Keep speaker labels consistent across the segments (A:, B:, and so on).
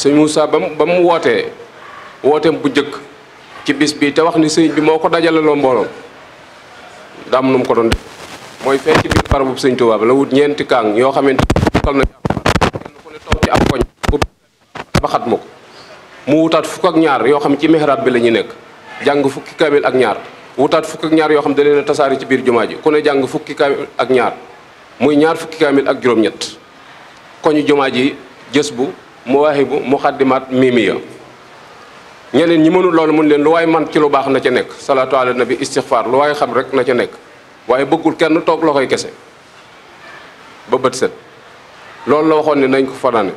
A: sëñ Moussa ba mu ba mu wootee wooteem bu njëkk ci bis bii te wax ni sëñ bi moo ko dajale loo mbooloom daam nu mu ko doon def mooy fee ci biir barab sëñ Tuubaa bi la wut ñeenti kaang yoo xamante ni toll na ku ne ci ab koñ ba xat ma ko mu wutaat fukk ak ñaar yoo xam ci mihrab bi la ñuy nekk jàng fukki kaamil ak ñaar wutaat fukk ak ñaar yoo xam da leen tasaari ci biir jumaa ji ku ne jàng fukki kaamil ak ñaar muy ñaar fukki kaamil ak juróom-ñett koñu jumaa ji jës bu mu Mawaahibu Muqaddimaat Mimiya ñeneen ñi mënul loolu mun leen lu waay man ci lu baax na ca nekk salaatu na bi istixfaar lu waay xam rek na ca nekk waaye bëggul kenn toog loxoy kese ba set loolu la waxoon ne nañ ko fanaane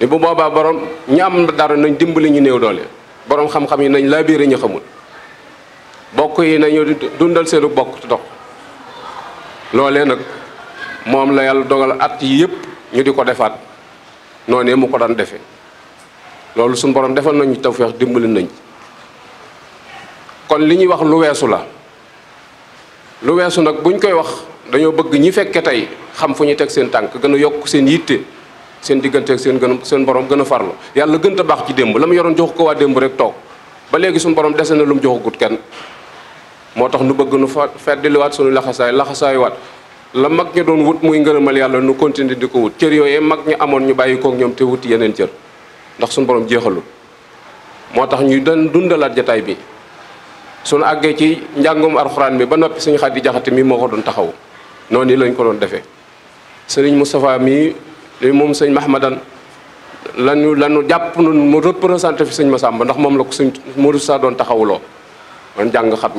A: ni bu boobaa borom ñi dara nañ dimbali ñu néew doole borom xam yi nañ laa biire ñu xamul bokk yi nañu dundal seenu bokk dox loolee nag moom la yàlla dogal at yii yëpp ñu di ko defaat noonee mu ko daan defee loolu suñu borom defal nañu tawféex dimbali nañ kon li ñuy wax lu weesu la lu weesu nag bu buñ koy wax dañoo bëgg ñi fekke tey xam fu ñu teg seen tànk gën a yokk seen yitte seen diggante ak seen gën seen borom gën a farlu yàlla gën a baax ci démb la mu yoroon jox ko waa démb rek toog ba léegi suñu borom dese na lu mu joxagut kenn moo tax nu bëgg nu fa feddiliwaat suñu laxasaay laxasaayuwaat la mag ña doon wut muy ngërëmal yàlla nu continuer di ko wut cër yooyee mag ñu amoon ñu bàyyi kook ñoom te wut yeneen cër ndax suñu borom jeexalul moo tax ñu doon dundalaat jataay bi suñu àggee ci njàngum alxuraan bi ba noppi suñu xaat di jaxate mi moo ko doon taxaw noonu lañ ko doon defee sëriñ Moustapha mii li moom sëñ Mahmadan lañu lañu jàpp nun mu représenté fi sëñ Massamba ndax moom la ko sëñ Modou Sa doon taxawuloo man jàng xat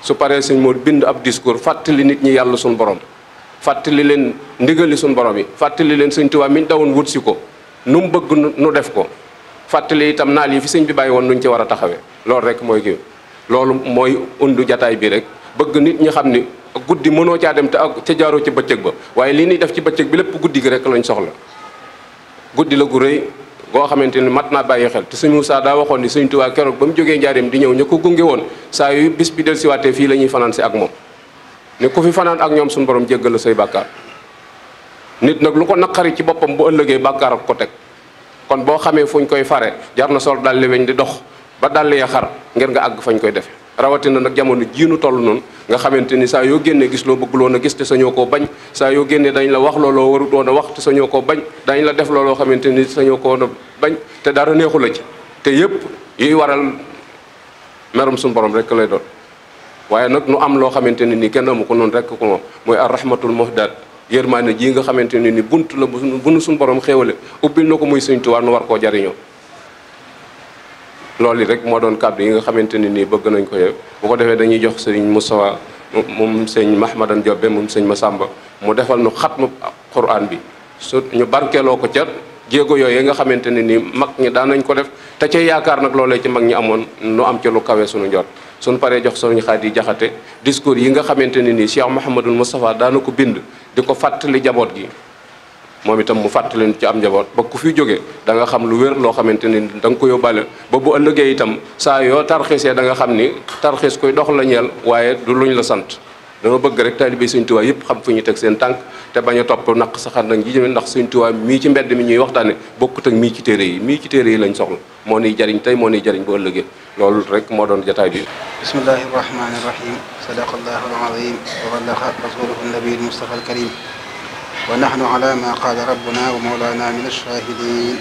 A: su paree suñ Modou bind ab discours fàttali nit ñi yàlla suñu borom fàttali leen ndigali suñu borom yi fàttali leen sëñ Tuubaa mi ñu dawoon wut si ko nu mu bëgg nu def ko fàttali itam naal yi fi sëñ bi bàyyi woon nuñ ci war a taxawee loolu rek mooy kii loolu mooy undu jataay bii rek bëgg nit ñi xam ni guddi mënoo caa dem te ak ca jaaroo ci bëccëg ba waaye lii ñuy def ci bëccëg bi lépp guddi gi rek lañ soxla guddi la gu rëy goo xamante ni mat naa bàyyi xel te sëñ Moussa daa waxoon di sëñ Tuubaa keroog ba mu jógee njaareem di ñëw ñu ko gunge woon saa yu bis bi del siwaatee fii la ñuy fanaan si ak moom ne ku fi fanaan ak ñoom suñu borom jéggal la say bàkkaar nit nag lu ko naqari ci boppam bu ëllëgee bàkkaar ak ko teg kon boo xamee fuñ koy fare jar na sol dàlli weñ di dox ba dàlli ya xar ngir nga àgg fañ koy defe rawatina nag jamono nu toll noonu nga xamante ni saa yoo génnee gis loo bëgguloon a gis te sañoo koo bañ saa yoo génnee dañ la wax looloo waru doon a wax te sañoo koo bañ dañ la def looloo xamante ni sañoo koo bañ te dara neexu la ci te yépp yuy waral merum suñu borom rekk lay doon waaye nag nu am loo xamante ne nii kenn amu ko noonu rekk ko moom mooy ar rahmatul muhdaat yërmaane jii nga xamante ne ni bunt la bu nu suñu borom xéewale ubbil na ko muy Sëñ Tuubaa nu war koo jariñoo loolu rek moo doon kàddu yi nga xamante ne nii bëgg nañ ko yëpp bu ko defee dañuy jox sëriñ Moustapha moom sëñ Mahmadan Jobbe moom sëñ Masamba mu defal nu xatmu Qur'an bi su ñu barkeeloo ko ca jéego yooyu nga xamante ne nii mag ñi daan nañ ko def te ca yaakaar nag loolee ci mag ñi amoon nu am ci lu kawe suñu njot suñ paree jox sëriñ Xaadi Jaxate discours yi nga xamante ne nii Cheikh Mouhamadul Moustapha daana ko bind di ko fàttali jaboot gi moom itam mu leen ci am njaboot ba ku fi jóge da xam lu wér loo xamante ni da nga ko yóbbaale ba bu ëllëgee itam saa yoo tarxiisee da nga xam ni tarxiis koy dox la ñeel waaye du ñu la sant dama bëgg rek taalibe Sëriñ Tuubaa yëpp xam fu ñu teg seen tànk te bañ a topp naq saxar nag ji jëme ndax Sëriñ Tuubaa mii ci mbedd mi ñuy waxtaane bokk ak mii ci téere yi mii ci téere yi lañ soxla moo niy jariñ tey moo niy jariñ bu ëllëgee loolu rek moo doon jataay bi
B: bismillahi rahmaani rahim sadaqallahu al azim wa ballagha rasuluhu nabiyil mustafa al karim wa nahnu ala ma qaala rabbuna wa mawlana min ash-shahidin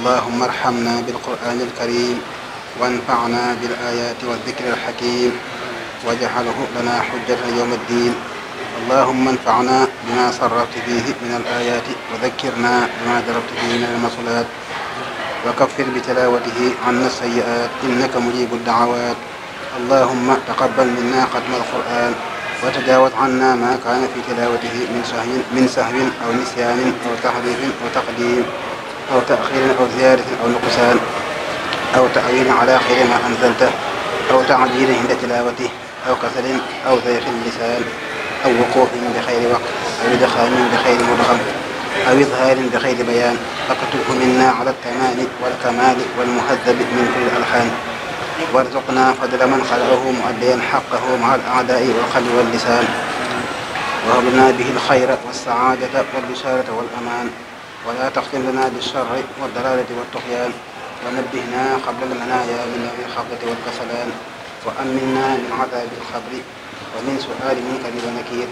B: allahumma arhamna bil qur'ani al karim wanfa'na bil ayati wa dhikri al hakim waj'alhu lana hujjatan yawma ddin allahumma anfa'na bima sarrafta fihi min al ayati wa dhakkirna bima darabta fihi min al masulat wa kaffir bi tilawatihi anna sayyi'at innaka mujibu ad-da'awat allahumma taqabbal minna khatma al qur'an وتجاوز عنا ما كان في تلاوته من سهو من سهو أو نسيان أو تحريف أو تقديم أو تأخير أو زيادة أو نقصان أو تأويل على خير ما أنزلته أو تعجيل عند تلاوته أو كسل أو ضيق اللسان أو وقوف بخير وقت أو إدخال بخير مدخل أو إظهار بخير بيان فاكتبه منا على التمام والكمال والمهذب من كل الألحان وارزقنا قدر من خلعه مؤديا حقه مع الأعداء والقلب واللسان وهب لنا به الخير والسعادة والبشارة والأمان ولا تختم لنا بالشر والضلالة والطغيان ونبهنا قبل المنايا من يوم الخفضة والكسلان وأمنا من عذاب القبر ومن سؤال منكر ونكير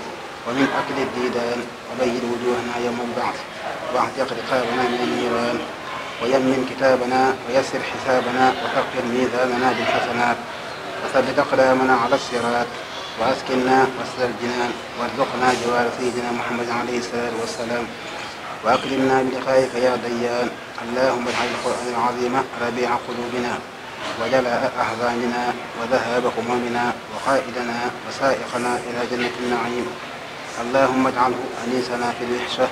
B: ومن أكل الديدان وبين وجوهنا يوم البعث واعتق رقابنا من النيران ويمن كتابنا ويسر حسابنا وثقل ميزاننا بالحسنات وثبت أقدامنا على الصراط وأسكننا وسط الجنان وارزقنا جوار سيدنا محمد عليه الصلاة والسلام وأكرمنا بلقائك يا ديان اللهم اجعل القرآن العظيم ربيع قلوبنا وجلاء أحزاننا وذهاب غمومنا وقائدنا وسائقنا إلى جنة النعيم اللهم اجعله أنيسنا في الوحشة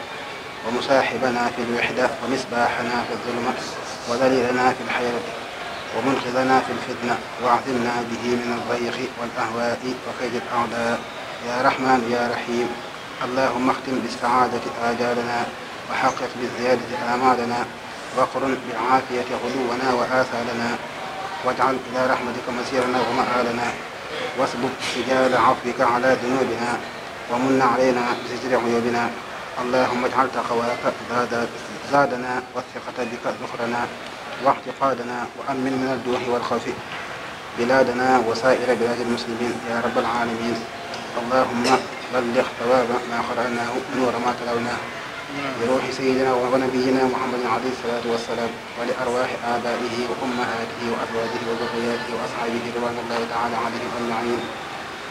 B: ومصاحبنا في الوحدة ومصباحنا في الظلمة ودليلنا في الحيرة ومنقذنا في الفتنة واعذنا به من الضيق والأهواء وكيد الأعداء يا رحمن يا رحيم اللهم اختم بالسعادة آجالنا وحقق بالزيادة آمالنا وقرن بالعافية غدونا وآثالنا واجعل إلى رحمتك مسيرنا ومآلنا واسبب سجال عفوك على ذنوبنا ومن علينا بستر عيوبنا allahuma اجعل تقواك زادنا والثقة بك ذخرنا واعتقادنا وأمن من الدوح والخوف بلادنا وسائر بلاد المسلمين يا رب العالمين اللهم بلغ ثواب ما قرأناه ونور ما تلوناه بروح سيدنا ونبينا محمد عليه الصلاة والسلام ولأرواح آبائه وأمهاته وأزواجه وذرياته وأصحابه رضوان الله تعالى عليهم أجمعين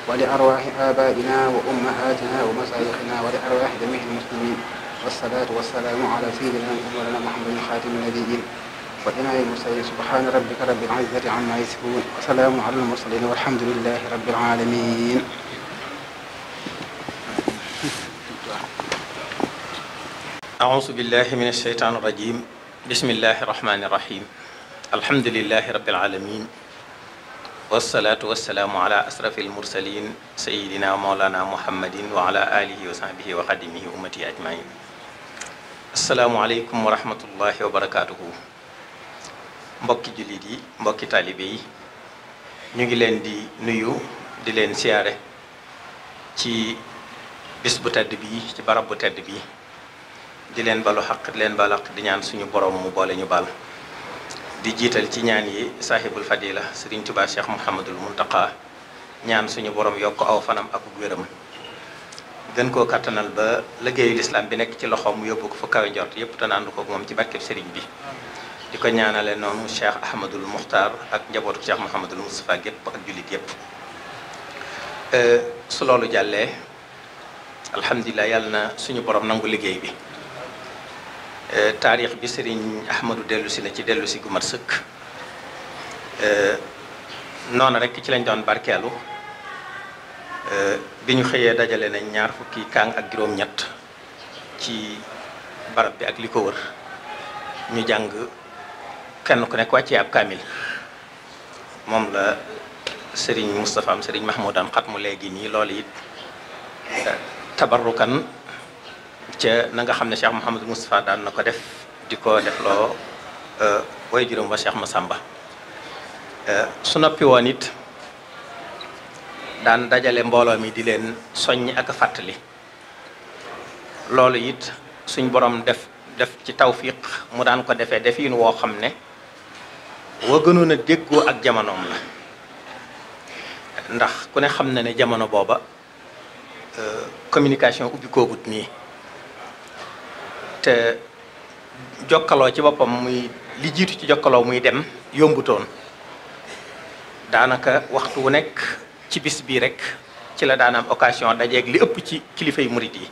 B: ولأرواح آبائنا وأمهاتنا ومشايخنا ولأرواح جميع المسلمين والصلاة والسلام على سيدنا ومولانا محمد خاتم النبيين وإمام المرسلين سبحان ربك رب العزة عما يصفون وسلام على المرسلين والحمد لله رب العالمين
C: أعوذ بالله من الشيطان الرجيم بسم الله الرحمن الرحيم الحمد لله رب العالمين wasalaatu wasalaamu ala asrafi almursalin sayidina moolana muhammadin wa ala alihi wa sahbihi wa xadimihi ummati ajmain asalaamualeykum wa rahmatullahi wa barakaatuhu mbokki jullit yi mbokki taalibe yi ñu ngi leen di nuyu di leen siyaare ci bis bu tedd bi ci barab bu tedd bi di leen balu xaq di leen balu di ñaan suñu borom mu boole ñu baal di jiital ci ñaan yi sahibul fadila sëriñ Tuubaa Cheikh Mouhamadul Muntaqa ñaan suñu boroom yokk aw fanam ak wéram gën koo kattanal ba liggéeyu lislaam bi nekk ci loxoom mu yóbbu ko fa kawe njort yëpp te naandu ko moom ci barkeb sëriñ bi di ko ñaanale noonu Cheikh Ahmadul Muxtaar ak njabootu Cheikh Mouhamadul Moustapha gépp ak jullit yëpp euh, su loolu jàllee alhamdulilah yàlla na suñu borom nangu liggéey bi Euh, taarix bi sëriñ Ahmadou dellusi si na ci dellu si gu mat sëkk euh, noonu rekk ci lañ doon barkeelu euh, bi ñu xëyee dajale nañ ñaar fukki kaang ak juróom-ñett ci barab bi ak li ko wër ñu jàng kenn ku nekk wàccee ab kaamil moom la sëriñ Moustapha am sëriñ Mahmoudane xat mu léegi nii lool it tabarrukan ca na nga xam ne Cheikh Mouhamadou Moustapha daan na ko def di ko defloo euh, way juróom wa Cheikh sàmba euh, su noppi woon it daan dajale mbooloo mi di leen soññ ak fàttali loolu it suñ borom def def ci tawfiq mu daan ko defee defiin woo xam ne wa gënoon a déggoo ak jamonoom la ndax ku ne xam na ne jamono booba euh, communication ubbi koogut nii te jokkaloo ci boppam muy li jiitu ci jokkaloo muy dem yombutoon daanaka waxtu wu nekk ci bis bii rek ci la daan am occasion dajeeg li ëpp ci kilifa yu murit yi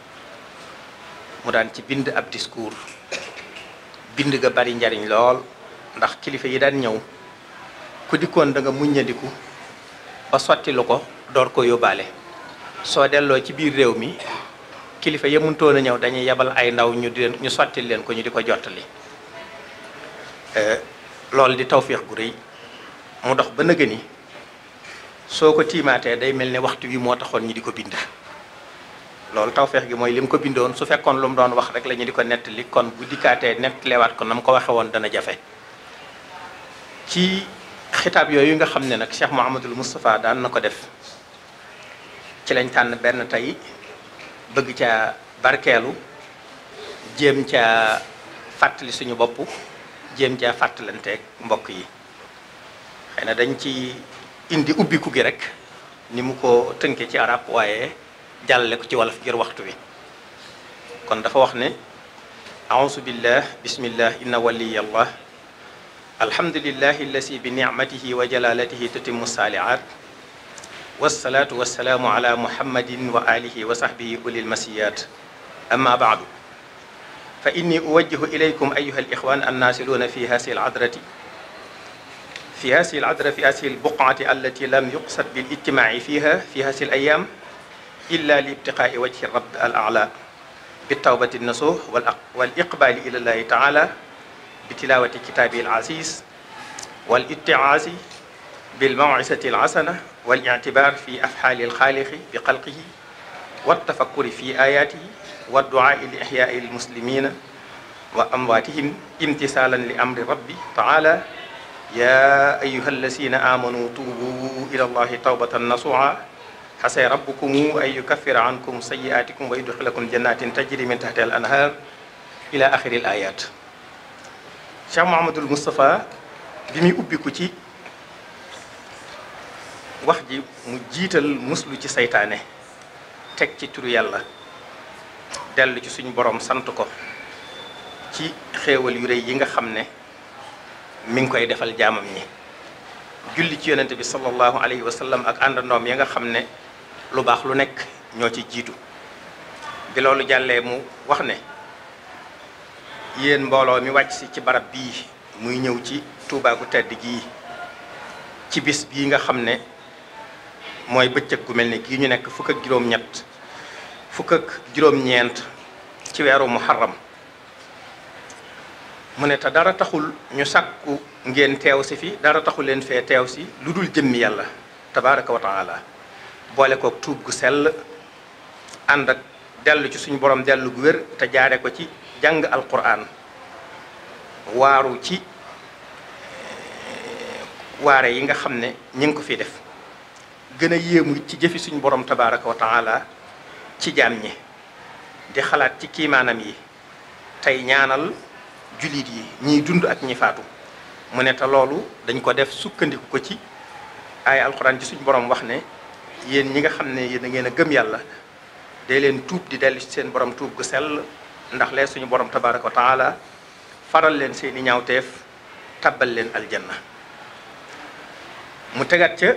C: mu daan ci bind ab discours bind ga bari njariñ lool ndax kilifa yi daan ñëw ku dikkoon da nga muññandiku ba sotti lu ko door ko yóbbaale soo delloo ci biir réew mi kilifa yemuntoon a ñëw dañuy yebal ay ndaw ñu di ñu sottil leen ko ñu di ko jottali eh, loolu di tawféex gu rëy mu dox ba nëgë ni soo ko tiimaatee day mel ne waxtu wi moo taxoon ñu di ko bind loolu tawféex gi mooy lim ko bindoon su fekkoon lu mu doon wax rek la ñu di ko nettali kon bu dikkaatee nettalewaat ko na mu ko waxe woon dana jafe ci xitaab yooyu nga xam ne nag Cheikh Mouhamadul Moustapha daan na ko def ci lañ tànn benn tey bëgg ca barkeelu jéem ca fàttali suñu bopp jéem ca fàttalanteeg mbokk yi xëy na dañ ci indi ubbiku gi rek ni mu ko tënke ci arab waaye jàllale ko ci wolof ngir waxtu wi kon dafa wax ne auzu billah bismillah inna waliyallah alhamdulillahi allasi bi nicmatihi wa jalalatihi tatimu saalihat wasalaatu wasalaamu ala muhammadin wa alihi wa sahbihi ulil masiyaat amma baadu fa inni uwajjihu ilaykum ayuha al ixwaan annaasiluuna fi hasi al adrati fi hasi al adra fi hasi al buqaati allati lam yuqsad bil ijtimaaci fiha fi hasi al ayaam illa li ibtiqaai wajhi rabb al ala bitawbati nasuux wal iqbaali ila llahi taala bi tilaawati kitaabi al aziz wal ittiaasi bil mawcisati al xasana wal ictibaar fi afxaali alxaaliqi bi xalqihi wa tafakkuri fi ayaatihi wa duaai li ixyaai almuslimina wa amwaatihim imtisaalan li amri rabbi taala yaa ayuha allasina amanu tuubu ila allahi tawbatan nasuha xasee rabbukum an yukaffira ankum sayiaatikum wa yudxilakum jannatin tajri min taxtiha al anhar ila axiri al ayat Cheikh Mouhamadul Moustapha bi muy ubbiku ci wax ji mu jiital muslu ci seytaane teg ci turu yàlla dellu ci suñu boroom sant ko ci xewal yu rëy yi nga xam ne mi ngi koy defal jaamam ñi julli ci yonente bi sallallahu alayhi wa sallam ak àndandoom yi nga xam ne lu baax lu nekk ñoo ci jiitu bi loolu jàllee mu wax ne yéen mbooloo mi wàcc si ci barab bii muy ñëw ci tuubaaku tedd gii ci bis bii nga xam ne mooy bëccëg gu mel ni kii ñu nekk fukk ak juróom-ñett ci weeru muharram mu ne te dara taxul ñu sàkku ngeen teew si fi dara taxul leen fee teew si lu dul jëmmi yàlla tabaraka wa taala boole kook tuub gu sell ànd ak dellu ci suñu borom dellu gu wér te jaare ko ci jàng alquran waaru ci eh, waare yi nga xam ne ñu ngi ko fi def gën a yéemu ci jëfi suñu borom tabaraka wa taala ci jaam ñi di xalaat ci kiimaanam yi tey ñaanal jullit yi ñiy dund ak ñi faatu mu ne te loolu dañ ko def sukkandiku ko ci ay alxuraan ci suñu borom wax ne yéen ñi nga xam ne yéen a ngeen a gëm yàlla de leen tuub di dellu ci seen borom tuub gu sell ndax lee suñu borom tabaraka wa taala faral leen seeni ñaawteef tabbal leen aljanna mu tegat ca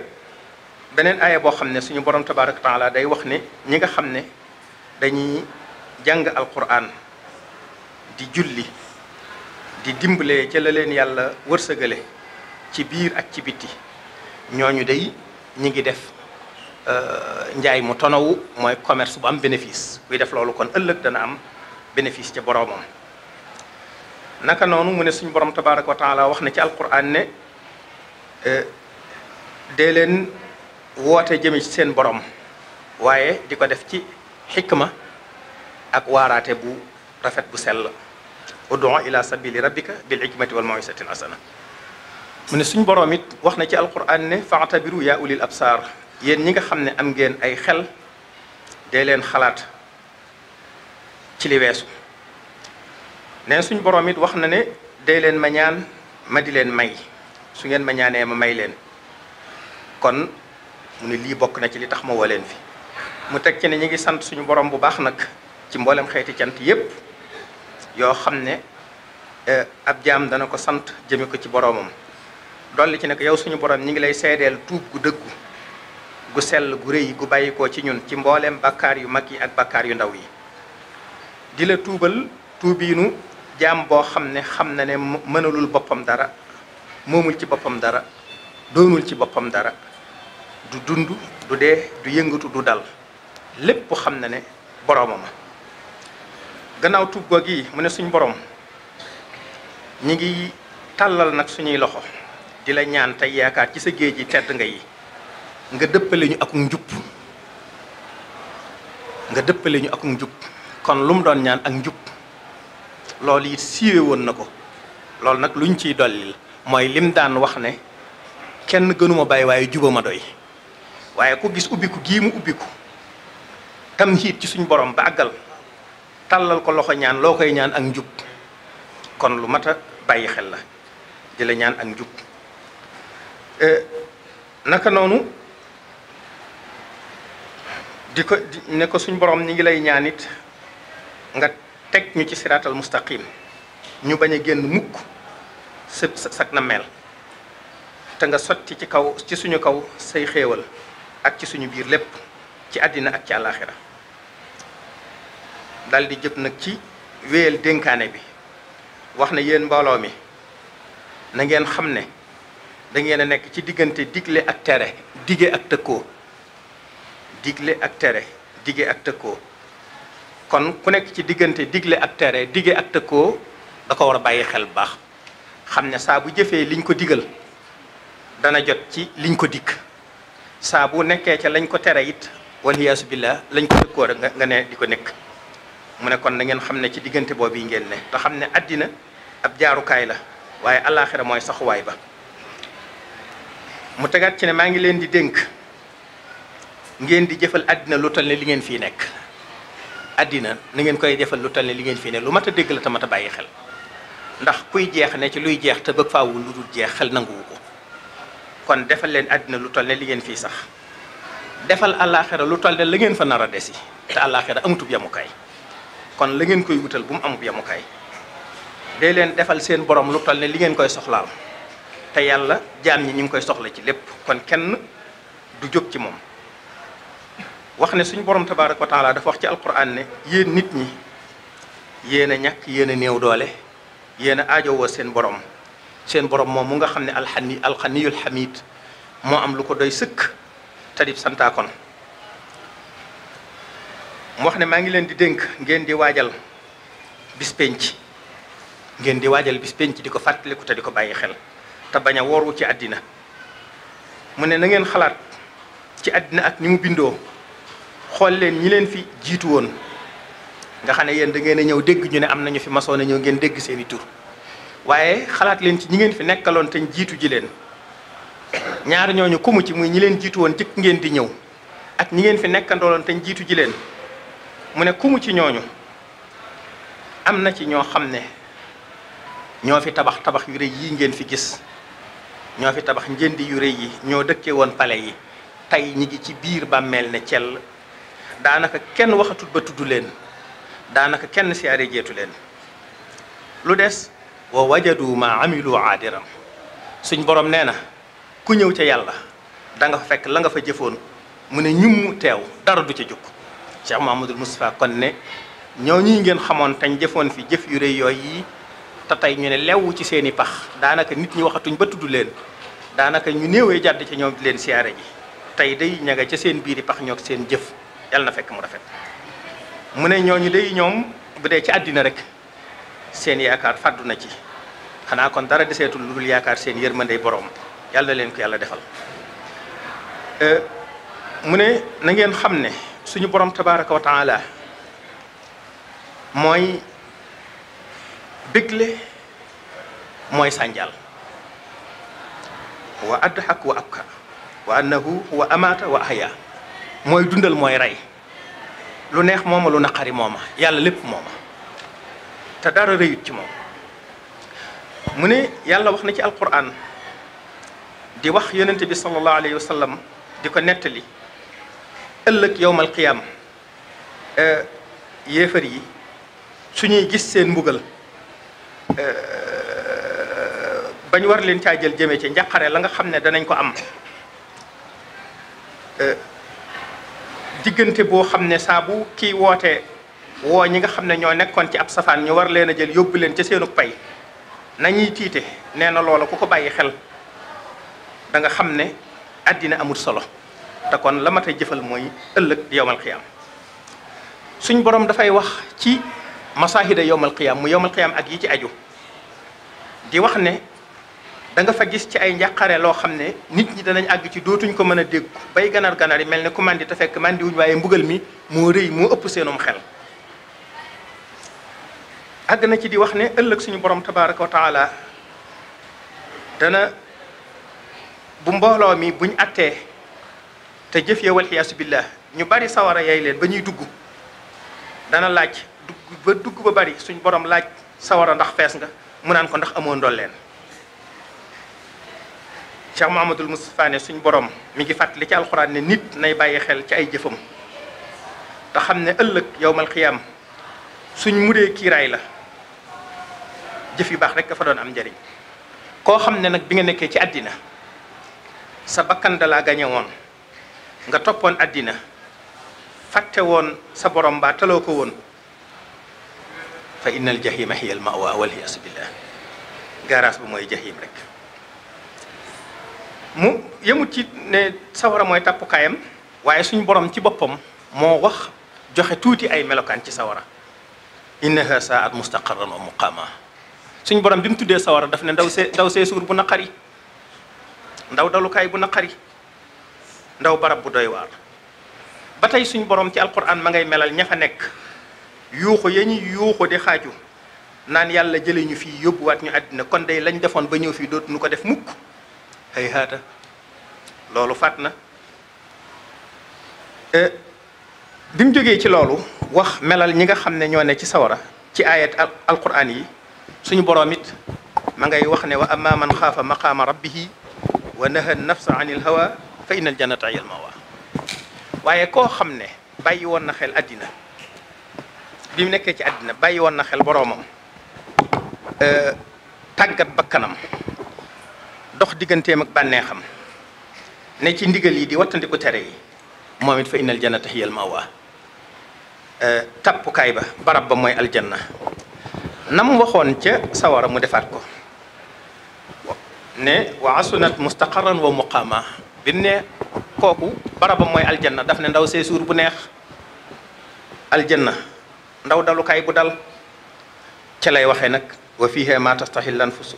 C: beneen aaya boo xam ne suñu borom tabaaraka taala day wax ne ñi nga xam ne dañuy jàng alquran di julli di dimbalee ca la leen yàlla wërsëgale ci biir ak ci biti ñooñu day ñi ngi def euh, njaay mu tonawu mooy commerce bu am bénéfice buy def loolu kon ëllëg dana am bénéfice ca boroomam naka noonu mu ne suñu borom tabaaraka wa taala wax na ci alquran ne euh, dee woote jëme ci seen borom waaye di ko def ci xikk ma ak waaraate bu rafet bu sell ud'u ila sabili rabbika bil hikmati wal maw'izati al asana mu ne suñ borom wax na ci alquran ne fa'tabiru yaa ulil absar yéen ñi nga xam ne am ngeen ay xel dee leen xalaat ci li weesu neen suñ borom wax na ne dee leen ma ñaan ma di leen may su ngeen ma ñaanee ma may leen kon mu ne lii bokk na ci li tax ma woo leen fi mu teg ci ne ñu ngi sant suñu borom bu baax nag ci mboolem xeeti cant yépp yoo xam ne eh, ab jaam dana ko sant jëme ko ci boromam dolli ci nag yow suñu borom ñi ngi lay seedeel tuub gu dëggu gu sell gu rëy gu bàyyikoo ci ñun ci mbooleem bakkaar yu mag yi ak bakkaar yu ndaw yi di la tuubal tuubiinu jaam boo xam ne xam na ne mënalul boppam dara moomul ci boppam dara doonul ci boppam dara du dund du dee du yëngatu du dal lépp xam na ne boroomam gannaaw tuub googu yi mu ne suñ borom ñi ngi tàllal nag suñuy loxo di la ñaan tey yaakaar ci sa géej gi tedd nga yi nga dëppale ñu ak njub nga dëppale ñu ak njub kon lu mu doon ñaan ak njub loolu it siiwee woon na ko loolu nag luñ ciy dollil mooy lim daan wax ne kenn gënuma bàyyi waaye juba ma doy waaye ko gis ubbiku gii mu ubbiku tam xiit ci suñ borom ba àggal tàllal ko loxo ñaan loo koy ñaan ak njub kon lu mat a bàyyi xel la jële ñaan ak njub eh, naka noonu di ko ne ko suñ borom ñu ngi lay ñaan it nga teg ñu ci siraatal mustaqim ñu bañ a génn mukk sëb sag na mel te nga sotti ci kaw ci suñu kaw say xéewal ak ci suñu biir lépp ci àddina ak ci àllaaxira dal jëpp nag ci wéyal dénkaane bi wax na yéen mbooloo mi na ngeen xam ne dangeen a nekk ci diggante digle ak tere dige ak tëkkoo digle ak tere dige ak tëkkoo kon ku nekk ci diggante digle ak tere dige ak tëkkoo da ko war a bàyyi xel bu baax xam ne saa bu jëfee liñ ko digal dana jot ci liñ ko dikk saa bu nekkee ca lañ ko tere it waliyaasu billah lañ ko dëkkoor nga nga ne di ko nekk mu ne kon na ngeen xam ne ci diggante boobu yi ngeen ne te xam ne àddina ab jaarukaay la waaye alaaxira mooy saxuwaay ba mu tegaat ci ne maa ngi leen di dénk ngeen di jëfal àddina lu tal ne li ngeen fii nekk àddina na koy jëfal lu tal ne li ngeen fi ne lu mat a dégg la te mat a bàyyi xel ndax kuy jeex ne ci luy jeex te bëgg faawul lu dul jeex xel nanguwu kon defal leen àddina lu toll ne li ngeen fii sax defal àllaaxira lu toll ne la ngeen fa nar a desi te àllaaxira amutub yamukaay kon la ngeen koy wutal bu mu amub yamukaay day leen defal seen borom lu toll ne li ngeen koy soxlaal te yàlla jaan ñi ñu ngi koy soxla ci lépp kon kenn du jóg ci moom wax ne suñu borom tabaaraka wa taala dafa wax ci alquran ne yéen nit ñi yéen a ñàkk yéen a néew doole yéen a aajowoo seen boroom seen boroom moom mu nga xam ne alxani alxaniyul xamid moo am lu ko doy sëkk tadib santaakon mu wax ne maa ngi leen di dénk ngeen di waajal bis ngeen di waajal bis penc di ko fàttaliku te di ko bàyyi xel te bañ a wooru ci àddina mu ne na ngeen xalaat ci àddina ak ni mu bindoo xool leen ñi leen fi jiitu woon nga xam ne yéen da ngeen ñëw dégg ñu ne am ñu fi masoon a ñëw ngeen dégg seeni tur waaye xalaat leen ci ñi ngeen fi nekkaloon te jiitu ji leen ñaar ñooñu kumu ci muy ñi leen jiitu woon jëkk ngeen di ñëw ak ñi ngeen fi nekkandooloon te jiitu ji leen mu ne kumu ci ñooñu am na ci ñoo xam ne ñoo fi tabax tabax yu rëy yi ngeen fi gis ñoo fi tabax njëndi yu rëy yi ñoo dëkke woon pale yi tey ñi ngi ci biir bàmmeel ne cell daanaka kenn waxatul ba tudd leen daanaka kenn siyaare jeetu leen lu des wa wajadu ma amilu aadiram suñ borom nee na ku ñëw ca yàlla da nga fekk la nga fa jëfoon mu ne ñum teew dara du ca jóg Cheikh Mouhamadoul Moustapha kon ne ñoo ñuy ngeen xamoon tañ jëfoon fi jëf yu rëy yooyu yi te tey ñu ne lew ci seen i pax daanaka nit ñi waxatuñ ba tudd leen daanaka ñu néewee jàdd ca ñoom leen siyaare ji tey day ña ca seen biir i pax ñook seen jëf yàlla na fekk mu rafet mu ne ñooñu day ñoom bu dee ci àddina rek seen yaakaar fàddu na ci xanaa kon dara deseetul lu dul yaakaar seen yërmandey borom yàlla leen ko yàlla defal euh, mu ne nangeen xam ne suñu borom tabaraka wa taala mooy bégle mooy sànjal wa adhak wa abka wa annahu wa amaata wa ahya mooy dundal mooy rey lu neex mooma lu naqari mooma yàlla lépp mooma te dara rëyut ci moom mu ne yàlla wax na ci alquran di wax yonente bi sallallahu alayhi wa di ko nettali ëllëg yowmal qiyaam euh, yéefar yi su ñuy gis seen mbugal euh, bañ war leen caa jël jëmee ci njàqare la nga xam ne danañ ko am euh, diggante boo xam ne saa bu kii woo ñi nga xam ne ñoo nekkoon ci ab safaan ñu war leen a jël yóbbu leen ca seenu pay nañuy tiite nee na loola ku ko bàyyi xel danga xam ne àddina amul solo te kon la ma tey jëfal mooy ëllëg di yowmal xiyaam suñ borom dafay wax ci masaahida yowmal xiyaam mu yowmal xiyaam ak yi ci aju di wax ne danga fa gis ci ay njàqare loo xam ne nit ñi danañ àgg ci dootuñ ko mën a dégg bay ganar ganar yi mel ne ku màndi te fekk màndiwuñ waaye mbugal mi moo rëy moo ëpp seenum xel àgg na ci di wax ne ëllëg suñu borom tabaraka wa taala dana bu mbooloo mi buñ attee te jëf ya walxiyaasu billah ñu bari sawara yay leen ba ñuy dugg dana laaj dugg ba dugg ba bari suñu boroom laaj sawara ndax fees nga mu naan ko ndax amoo ndolleen Cheikh Mouhamadul Moustapha ne suñu boroom mi ngi fàttali ci alxuraan ne nit nay bàyyi xel ci ay jëfam te xam ne ëllëg yowmal xiyaam suñ dee kiiraay la jëf yu baax rek dafa doon am njariñ koo xam ne nag bi nga nekkee ci àddina sa bakkan dalaa gañe nga toppoon àddina fàtte woon sa borom mbaa taloo ko woon fa innal jahima hiya al mawa wal iyaasu billah gaaraas bu mooy jahim rek mu yemut ci ne sawara mooy tàppukaayam waaye suñu borom ci boppam moo wax joxe tuuti ay melokaan ci sawara innaha saat mustaqarran wa muqama suñu borom bi mu tuddee sawara daf ne ndaw see ndaw see suur bu naqari ndaw dalukaay bu naqari ndaw barab bu doy waar ba tey suñu borom ci alquran ma ngay melal ña fa nekk yuuxu ya ñuy yuuxu di xaaju naan yàlla jëlee ñu fii yóbbuwaat ñu àddina kon day lañ defoon ba ñëw fii dootuñu ko def mukk hay loolu fàtt na eh, bi mu jógee ci loolu wax melal ñi nga xam ne ñoo ne ci sawara ci ayat alquran yi suñu boroom it ma ngay wax ne wa amma man xaafa maqaama rabbihi wa naha nafsa anil hawa fa innal jannata yal mawa waaye koo xam ne bàyyi woon na xel àddina bi mu nekkee ci àddina bàyyi woon na xel boroomam euh, tàggat bakkanam dox digganteem ak bànneexam ne ci ndigal yi di wattandiku tere yi moomit it fa innal jannata hiya al mawa euh, tappukaay ba barab ba mooy aljanna nam waxoon ca sawara mu defaat ko ne wa asunat mustaqarran wa muqama bi ne kooku barabam mooy aljanna daf ne ndaw séesuur bu neex aljanna ndaw dalukaay bu dal ca lay waxee nag wa fiiha ma tastahil anfus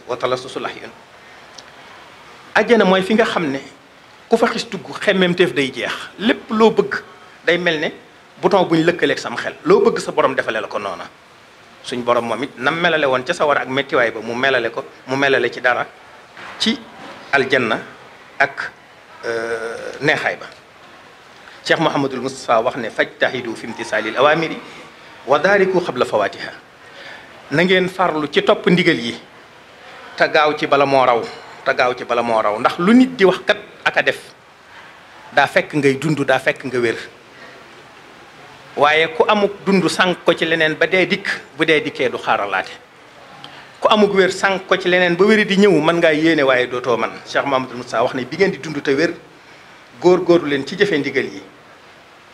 C: mooy fi nga xam ne ku fa xis dugg xemmemteef day jeex lépp loo bëgg day mel ne bouton buñ lëkkaleeg sam xel loo bëgg sa borom defale la ko noona suñ borom moom it nam melale woon ca sawar ak mettiwaay ba mu melale ko mu melale ci dara ci aljanna ak euh, neexaay ba cheikh mouhamadul moustapha wax ne fajtahidu fi imtisaalil awamiri wa daariku xabla la na ngeen farlu ci topp ndigal yi te gaaw ci bala moo raw te gaaw ci bala moo raw ndax lu nit di wax kat ak def daa fekk ngay dund daa fekk nga wér waaye ku amuk dund sànq ko ci leneen ba dee dikk bu dee dikkee du xaaralaate ku amuk wér sànq ko ci leneen ba wéri di ñëw mën ngaa yéene waaye dootoo man Cheikh mu Moussa wax ne bi ngeen di dund te góor góorlu leen ci jëfe yi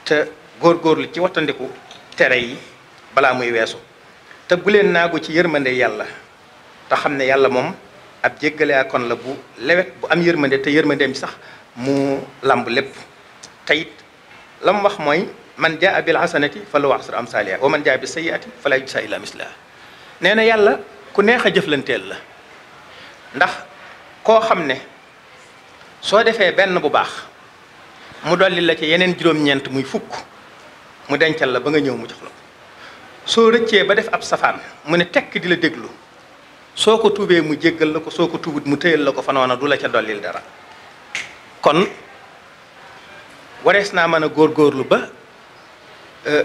C: te góor góorlu ci wattandiku tere yi balaa muy weesu te bu leen naagu ci yërmande yàlla te xam ne yàlla moom ab jéggale akoon la bu lewet bu am yërmande te yërmandeem sax mu làmb lépp te lam wax mooy man jaa bil hasanati fa lahu asru amsaaliha wa man jaa bi sayyiati fa laa yujzaa illaa mislaha nee na yàlla ku neex a jëflanteel la ndax koo xam ne soo defee benn bu baax mu dolli la ci yeneen juróom-ñeent muy fukk mu dencal la ba nga ñëw mu jox la ko soo rëccee ba def ab safaan mu ne tekk di la déglu soo ko tuubee mu jéggal la ko soo ko tuubut mu téyal la ko fanoona du la ca dollil dara kon warees naa mën a góorgóorlu ba Euh,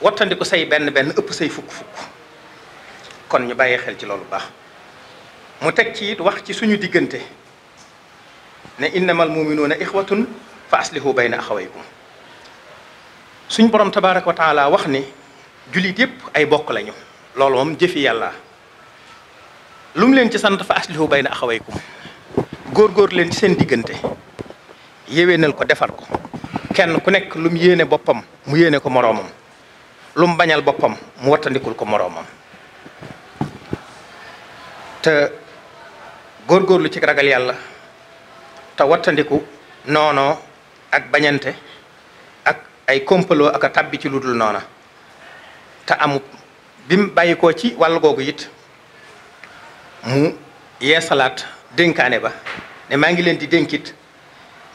C: wattandi say benn benn ëpp say fukk-fukk kon ñu bàyyi xel ci loolu baax mu teg ci it wax ci suñu diggante ne innamal muminuuna ixwatun fa aslihu bayna axawaykum suñ borom tabaraka wa taala wax ni jullit yépp ay bokk lañu loolu moom jëfi yàlla lu mu leen ci sant fa aslihu bayna axawaykum góor leen ci seen diggante yéwénal ko defar ko kenn ku nekk lu mu yéene boppam mu yéene ko moroomam lu mu bañal boppam mu wattandikul ko moroomam te lu ci ragal yàlla te wattandiku noono ak bañante ak ay kompaloo ak a tàbbi ci lu dul noona te amu bim bàyyi ci wàll googu it mu yeesalaat dénkaane ba ne maa ngi leen di dénkit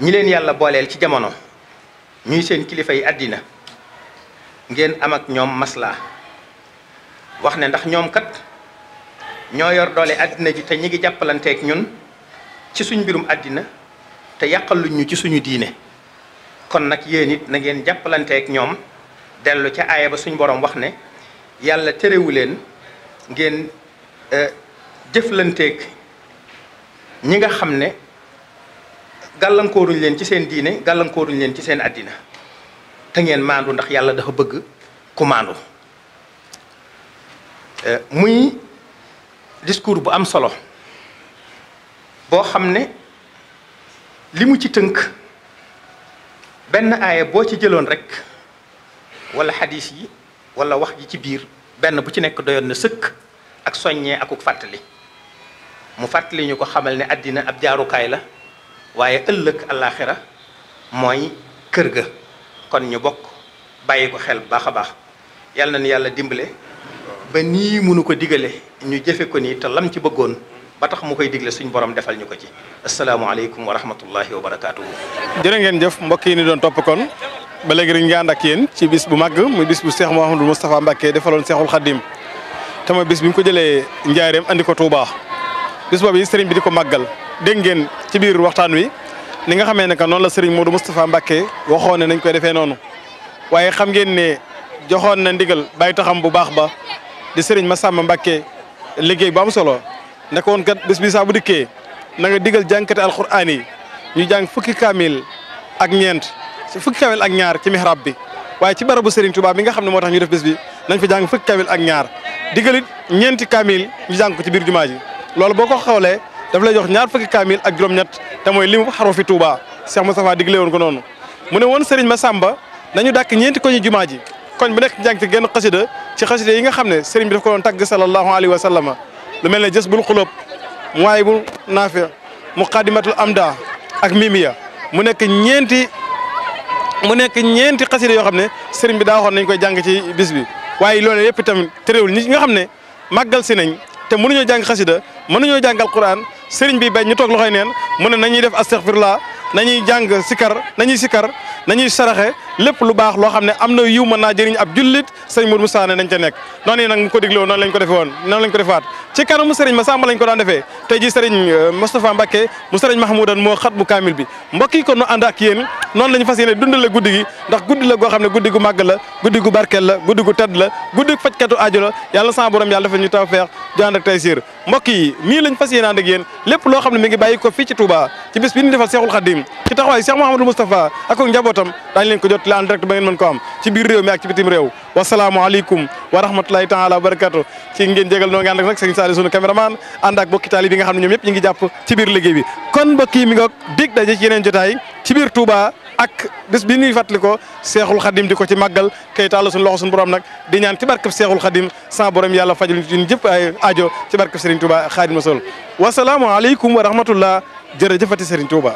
C: ñi leen yàlla booleel ci jamono ñuy seen kilifa yi àddina ngeen am ak ñoom maslaa wax ne ndax ñoom kat ñoo yor doole àddina ji te ñi ngi jàppalanteek ñun ci suñ mbirum àddina te yàqaluñ ñu ci suñu diine kon nag yéen it na ngeen jàppalanteeg ñoom dellu ca aaya ba suñu borom wax ne yàlla terewu leen ngeen eh, jëflanteek ñi nga xam ne gàllankooruñ leen ci seen diine gàllankooruñ leen ci seen àddina te ngeen maandu ndax yàlla dafa bëgg ku maandu euh, muy discours bu am solo boo xam ne li mu ci tënk benn aaya boo ci jëloon rek wala xadis yi wala wax ji ci biir benn bu ci nekk doyoon na sëkk ak soññee aku fàttali mu fàttali ñu ko xamal ne àddina ab jaarukaay la waaye ëllëg àllaaxira mooy kër ga kon ñu bokk bàyyi ko xel bu baax a baax yàlla na yàlla dimbale ba nii munu ko digale ñu jëfe ko nii te lam ci bëggoon ba tax mu koy digle suñ borom defal ñu ko ci asalaamaaleykum wa rahmatullahi wa barakaatuhu. jërë ngeen jëf mbokk yi ni doon
D: topp kon ba léegi ñu ngi ànd ak yéen ci bis bu màgg muy bis bu Cheikh Mouhamadou Moustapha Mbacké defaloon Cheikhul Khadim te mooy bis bi ñu ko jëlee Njaareem andi ko Touba bis boobu sëriñ bi di ko màggal. dégg ngeen ci biir waxtaan wi li nga xamee ne que noonu la Serigne Modou Moustapha Mbacké waxoon ne nañ koy defee noonu waaye xam ngeen ne joxoon na ndigal bàyyi taxam bu baax ba di ma Massamba Mbacké liggéey ba am solo nekk woon kat bés bi bu dikkee na nga digal jànkate alxuraan yi ñu jàng fukki kaamil ak ñeent fukki kaamil ak ñaar ci mihrab bi waaye ci barabu Serigne Touba bi nga xam ne moo tax ñu def bés bi nañ fa jàng fukki kaamil ak ñaar digalit ñeenti kaamil ñu jàng ko ci biir jumaa ji loolu boo ko daf lay jox ñaar fukki kaamil ak juróom-ñett te mooy limu xaru fi Touba Cheikh Moustapha digle woon ko noonu mu ne woon ma sàmba nañu dàkk ñeenti koñu jumaa ji koñ bu nekk jàng ci genn xasida ci xasida yi nga xam ne Serigne bi daf ko doon tàgg sallallahu wa sallam lu mel ne jës bul xulóob waaye bu naafi muqaddimatul amda ak mimiya mu nekk ñeenti mu nekk ñeenti xasida yoo xam ne Serigne bi daa nañ koy jàng ci bis bi waaye loolu yëpp itam terewul ñi nga xam ne màggal si nañ te mënuñoo jàng xasida mënuñoo jàng alquran sëriñ bi bañ ñu toog loxoy neen mu ne nañuy def astaghfirullah nañuy jàng sikar nañuy sikar nañuy saraxe lépp lu baax loo xam ne am na yiw mën naa jëriñ ab jullit sëñ Mourou Moussa ne nañ ca nekk noonu yi nag mu ko digloo noonu lañ ko defe woon noonu lañ ko defaat ci kanamu sëriñ Massamba lañ ko daan defee te ji sëriñ euh, Moustapha Mbacké mu sëriñ Mahmoudan moo xat bu kaamil bi mbokk yi ko nu ànd ak yéen noonu lañ fas yéene dundale guddi gi ndax guddi la goo xam ne guddi gu màgg la guddi gu barkeel la guddi gu tedd la guddi fajkatu aajo la yàlla sa borom yàlla dafa ñu tawfeex ju ànd ak tay siir mbokk yi nii lañ fas yéene ànd lépp loo xam ne mi ngi bàyyi ko fii ci Touba ci bis ki ci taxawaay Cheikh Mouhamadou Moustapha ak ak njabootam daañu leen ko jot la en direct ba ngeen mën ko am ci biir réew mi ak ci bitim réew wasalaamaaleykum wa rahmatulahi taala wa barakatu ci ngeen jégal noo ngi ànd ak nag Serigne Saliou sunu caméraman ànd ak bokki taali bi nga xam ne ñoom ñëpp ñu ngi jàpp ci biir liggéey bi kon mbokk mi nga dig daje ci yeneen jotaay ci biir ak bés bi ñuy fàttali ko Seexul Xadim di ko ci màggal kay tàll suñu loxo suñu borom nag di ñaan ci barkeb Seexul Xadim sans borom yàlla fajal ñu jëpp ay aajo ci barkeb Serigne Touba Xaadimu Rasuul wasalaamu aleykum wa rahmatullah jërëjëfati Serigne Touba